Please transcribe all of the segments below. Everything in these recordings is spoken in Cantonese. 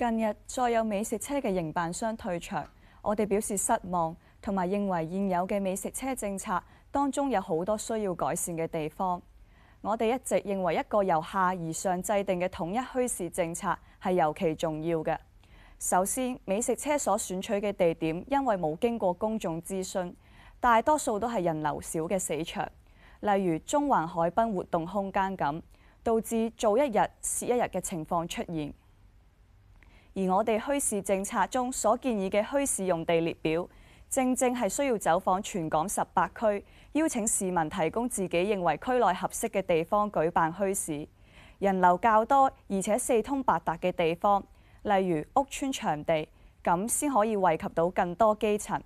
近日再有美食車嘅營辦商退場，我哋表示失望，同埋認為現有嘅美食車政策當中有好多需要改善嘅地方。我哋一直認為一個由下而上制定嘅統一墟市政策係尤其重要嘅。首先，美食車所選取嘅地點因為冇經過公眾諮詢，大多數都係人流少嘅死場，例如中環海濱活動空間咁，導致做一日蝕一日嘅情況出現。而我哋墟市政策中所建議嘅墟市用地列表，正正係需要走訪全港十八區，邀請市民提供自己認為區內合適嘅地方舉辦墟市，人流較多而且四通八達嘅地方，例如屋邨場地，咁先可以惠及到更多基層。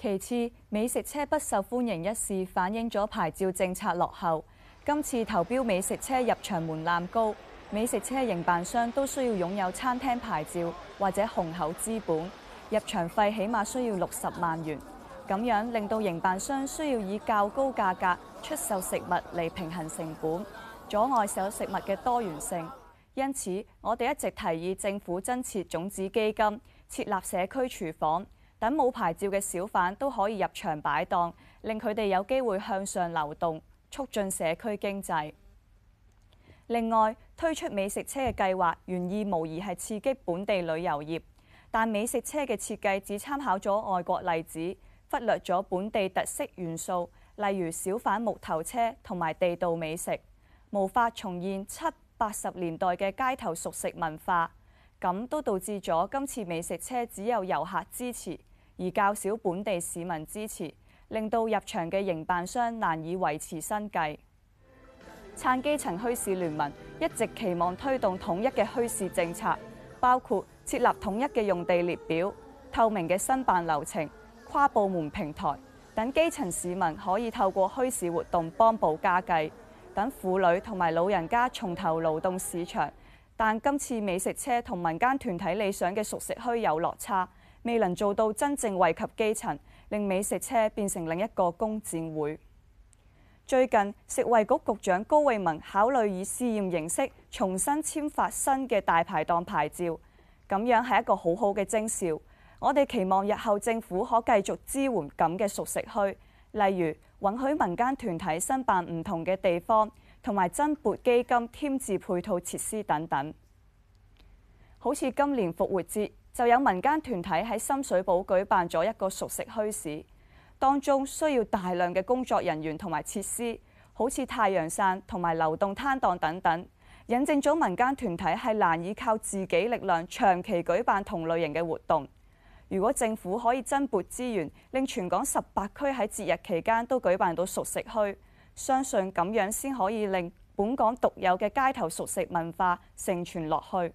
其次，美食車不受歡迎一事，反映咗牌照政策落後。今次投標美食車入場門檻高。美食車營辦商都需要擁有餐廳牌照或者雄厚資本，入場費起碼需要六十萬元。咁樣令到營辦商需要以較高價格出售食物嚟平衡成本，阻礙小食物嘅多元性。因此，我哋一直提議政府增設種子基金，設立社區廚房，等冇牌照嘅小販都可以入場擺檔，令佢哋有機會向上流動，促進社區經濟。另外推出美食車嘅計劃，原意無疑係刺激本地旅遊業，但美食車嘅設計只參考咗外國例子，忽略咗本地特色元素，例如小販木頭車同埋地道美食，無法重現七八十年代嘅街頭熟食文化，咁都導致咗今次美食車只有遊客支持，而較少本地市民支持，令到入場嘅營辦商難以維持生計。撐基層墟市聯盟一直期望推動統一嘅墟市政策，包括設立統一嘅用地列表、透明嘅申辦流程、跨部門平台等，基層市民可以透過墟市活動幫補家計，等婦女同埋老人家重投勞動市場。但今次美食車同民間團體理想嘅熟食墟有落差，未能做到真正惠及基層，令美食車變成另一個工展會。最近食衛局局長高慧文考慮以試驗形式重新簽發新嘅大排檔牌照，咁樣係一個好好嘅徵兆。我哋期望日後政府可繼續支援咁嘅熟食墟，例如允許民間團體申辦唔同嘅地方，同埋增撥基金添置配套設施等等。好似今年復活節，就有民間團體喺深水埗舉辦咗一個熟食墟市。當中需要大量嘅工作人員同埋設施，好似太陽傘同埋流動攤檔等等，引證咗民間團體係難以靠自己力量長期舉辦同類型嘅活動。如果政府可以增撥資源，令全港十八區喺節日期間都舉辦到熟食區，相信咁樣先可以令本港獨有嘅街頭熟食文化承傳落去。